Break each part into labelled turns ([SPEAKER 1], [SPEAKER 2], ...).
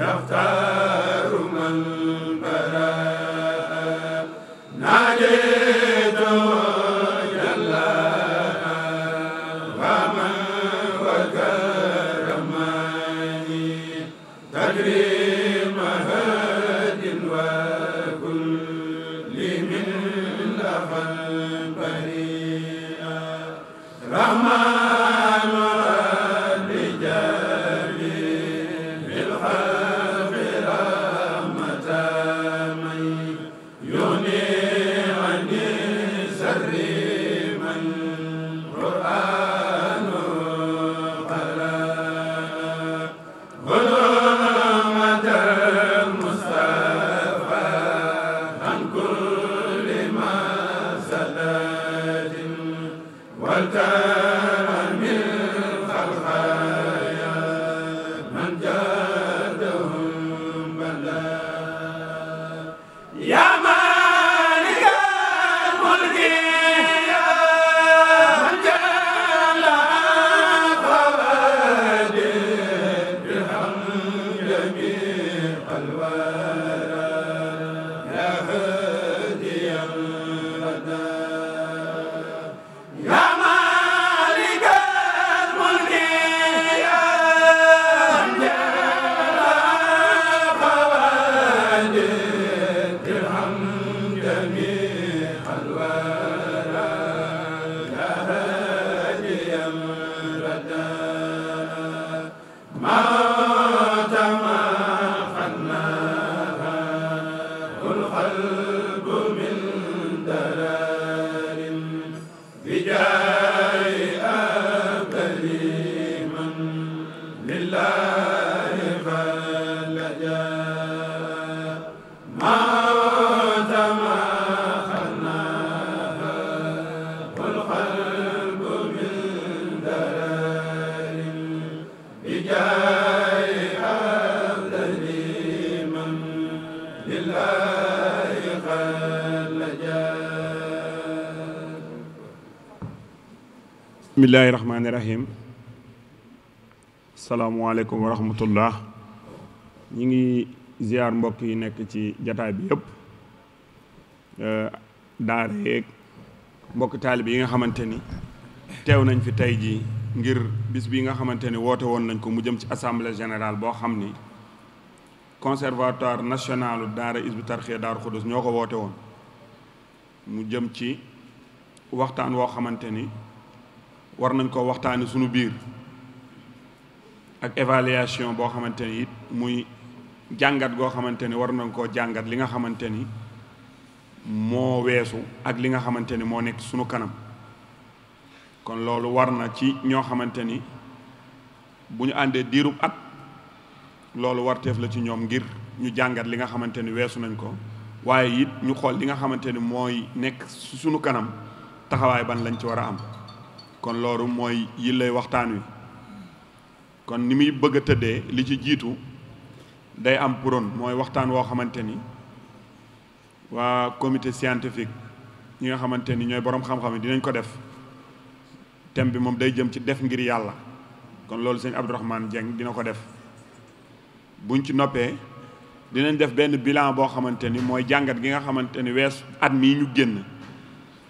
[SPEAKER 1] يختار takrimaha eh, eh.
[SPEAKER 2] bismillaahi rahmaani rahim salaamualeykum wa rahmatullah ñi ngi ziar mbokk yi nekk ci jataay bi yëpp eh, daara yeeg mbokki taalib yi nga xamante ni teew nañ fi tey ji ngir bis bi nga xamante ni woote woon nañ ko mu jëm ci assemblée générale boo xam ni conservatoire nationalu daara Hizbut Tarqiyyah Daaru Xudoos ñoo ko woote woon mu jëm ci waxtaan woo xamante ni war nañ koo waxtaane suñu biir ak évaluation boo xamante ni it muy jàngat goo xamante ni war nañ koo jàngat li nga xamante ni moo weesu ak li nga xamante ni moo nekk sunu kanam kon loolu war na ci ñoo xamante ni bu ñu àndee diirub at loolu warteef la ci ñoom ngir ñu jàngat li nga xamante ni weesu nañ ko waaye it ñu xool li nga xamante ni mooy nekk sunu kanam taxawaay ban lañ ci war a am kon loolu mooy yillay waxtaan wi kon ni muy bëgg a tëddee li ci jiitu day am puron mooy waxtaan woo xamante ni waa comité scientifique ñi nga xamante ni ñooy boroom xam-xam yi dinañ ko def thème bi moom day jëm ci def ngir yàlla kon loolu sëñ Abdourahmane Dieng dina ko def buñ ci noppee dinañ def benn bilan boo xamante ni mooy jàngat gi nga xamante ni wees at mii ñu génn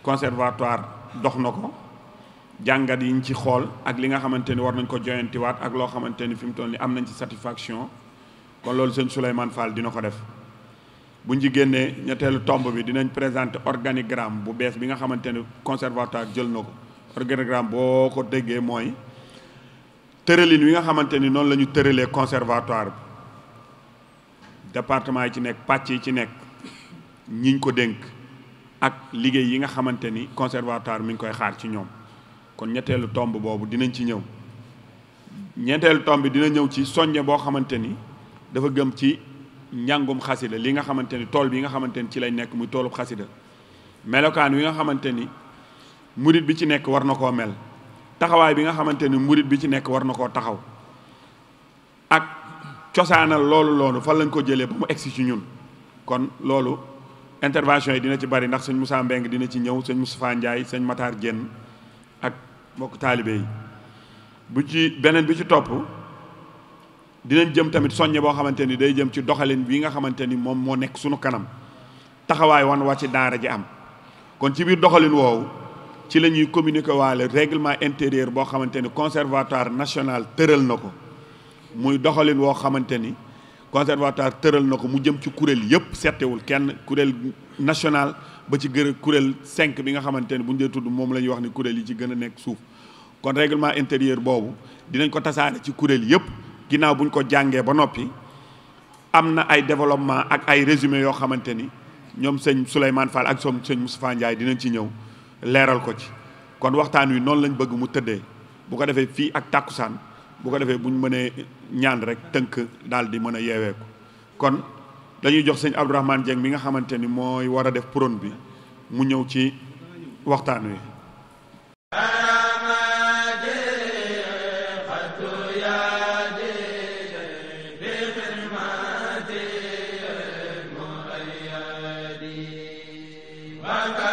[SPEAKER 2] conservatoire dox na ko jàngat yi ñu ci xool ak li nga xamante ni war nañ ko joyantiwaat ak loo xamante ni fi mu toll ni am nañ ci satisfaction kon loolu sëñ Souleymane Fall dina ko def bu ñu génnee ñetteelu tomb bi dinañ présenter organigramme bu bees bi nga xamante ni conservatoire jël na ko organigramme boo ko déggee mooy tëralin wi nga xamante ni noonu la ñu tëralee conservatoire bi département yi ci nekk pàcc yi ci nekk ñiñ ko dénk ak liggéey yi nga xamante ni conservatoire mi ngi koy xaar ci ñoom kon ñetteelu tomb boobu dinañ ci ñëw ñetteelu tomb bi dina ñëw ci soññe boo xamante ni dafa gëm ci njàngum xasida li nga xamante ni tool bi nga xamante ni ci lay nekk muy toolub xasida melokaan wi nga xamante ni murit bi ci nekk war na koo mel taxawaay bi nga xamante ni murit bi ci nekk war na koo taxaw ak cosaanal loolu loolu fan lañ ko jëlee ba mu egsi ci ñun kon loolu intervention yi dina ci bari ndax suñ musaa Mbeng dina ci ñëw sëñ Moustapha Ndiaye sëñ Matar Diène mbokk taalibe yi bu ci beneen bi ci topp dinañ jëm tamit soññe boo xamante ni day jëm ci doxalin bii nga xamante ni moom moo nekk suñu kanam taxawaay wan wa ci daara ji am kon ci biir doxalin woowu ci la ñuy communiquer waale règlement intérieur boo xamante ni conservatoire national tëral na ko muy doxalin woo xamante ni conservatoire tëral na ko mu jëm ci kuréel yëpp settewul kenn kuréel national ba ci gën a kuréel 5 bi nga xamante ne bu ñu tudd moom la ñuy wax ni kuréel yi ci gën a nekk suuf kon règlement intérieur boobu dinañ ko tasaare ci kuréel yëpp ginnaaw bu ñu ko jàngee ba noppi am na ay développement ak ay résumé yoo xamante ni ñoom sëñ Souleymane Fall ak soom sëñ Moustapha Ndiaye dinañ ci ñëw leeral ko ci kon waxtaan wi noonu lañ bëgg mu tëddee bu ko defee fii ak tàkkusaan bu ko defee bu ñu mënee ñaan rek tënk daal di mën a yeewee ko kon dañuy jox sëñ Abdourahmane Dieng mi nga xamante ni mooy war a def prône bi mu ñëw ci waxtaan wi
[SPEAKER 1] Bye-bye.